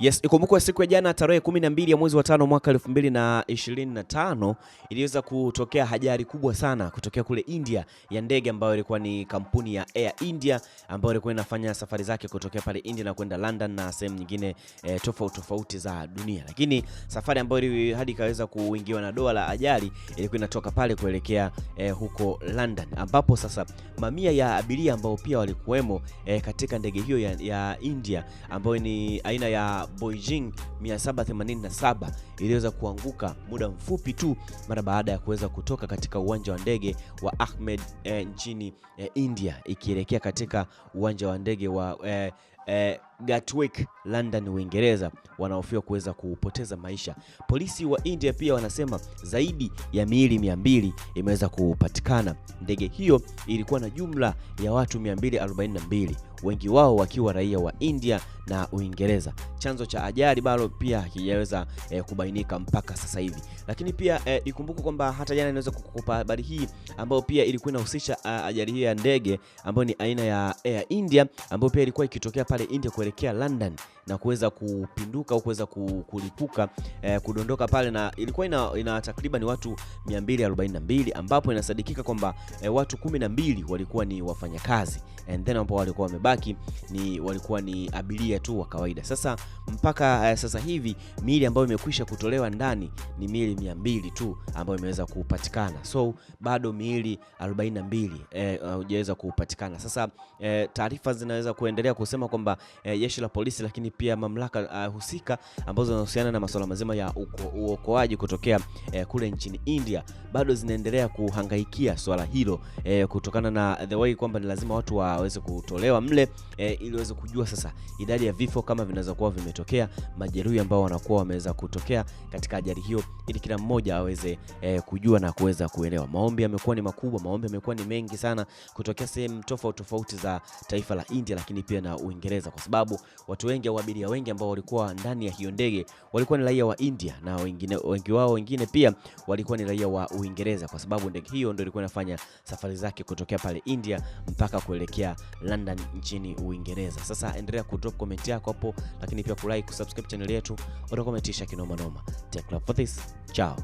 Yes, ikumbukwe siku ya jana tarehe 12 ya mwezi wa tano mwaka 2025 iliweza kutokea ajali kubwa sana kutokea kule India ya ndege ambayo ilikuwa ni kampuni ya Air India ambayo ilikuwa inafanya safari zake kutokea pale India na kwenda London na sehemu nyingine eh, tofauti tofauti za dunia. Lakini safari ambayo hadi ikaweza kuingiwa na doa la ajali ilikuwa inatoka pale kuelekea eh, huko London ambapo sasa mamia ya abiria ambao pia walikuwemo eh, katika ndege hiyo ya, ya India ambayo ni aina ya Beijing 787 iliweza kuanguka muda mfupi tu mara baada ya kuweza kutoka katika uwanja wa ndege wa Ahmed eh, nchini eh, India ikielekea katika uwanja wa ndege wa eh, eh, Gatwick London, Uingereza wanahofiwa kuweza kupoteza maisha. Polisi wa India pia wanasema zaidi ya miili mia mbili imeweza kupatikana. Ndege hiyo ilikuwa na jumla ya watu 242, wengi wao wakiwa raia wa India na Uingereza. Chanzo cha ajali bado pia hakijaweza eh, kubainika mpaka sasa hivi, lakini pia eh, ikumbuku kwamba hata jana inaweza kukupa habari hii ambayo pia ilikuwa inahusisha ah, ajali hii ya ndege ambayo ni aina ya Air India ambayo pia ilikuwa ikitokea pale India kuelekea London na kuweza kupinduka au kuweza kulipuka eh, kudondoka pale na ilikuwa ina, ina takriban watu 242 ambapo inasadikika kwamba eh, watu 12 walikuwa ni wafanyakazi and then ambao walikuwa wamebaki ni walikuwa ni abiria tu wa kawaida. Sasa mpaka eh, sasa hivi miili ambayo imekwisha kutolewa ndani ni miili 200 tu ambayo imeweza kupatikana, so bado miili 42 eh, haujaweza eh, kupatikana. Sasa eh, taarifa zinaweza kuendelea kusema kwa kwamba eh, jeshi la polisi lakini pia mamlaka uh, husika ambazo zinahusiana na masuala mazima ya uokoaji kutokea eh, kule nchini India bado zinaendelea kuhangaikia swala hilo eh, kutokana na the way kwamba ni lazima watu waweze kutolewa mle eh, ili waweze kujua sasa idadi ya vifo kama vinaweza kuwa vimetokea, majeruhi ambao wanakuwa wameweza kutokea katika ajali hiyo, ili kila mmoja aweze eh, kujua na kuweza kuelewa. Maombi yamekuwa ni makubwa, maombi yamekuwa ni mengi sana kutokea sehemu tofauti tofauti za taifa la India, lakini pia na Uingereza. Uingereza, kwa sababu watu wengi au abiria wengi ambao walikuwa ndani ya hiyo ndege walikuwa ni raia wa India na wengine, wengi wao wengine pia walikuwa ni raia wa Uingereza, kwa sababu ndege hiyo ndio ilikuwa inafanya safari zake kutokea pale India mpaka kuelekea London nchini Uingereza. Sasa endelea kudrop comment yako hapo, lakini pia kulike, kusubscribe channel yetu, utakometisha kinoma noma. Take love for this. Ciao.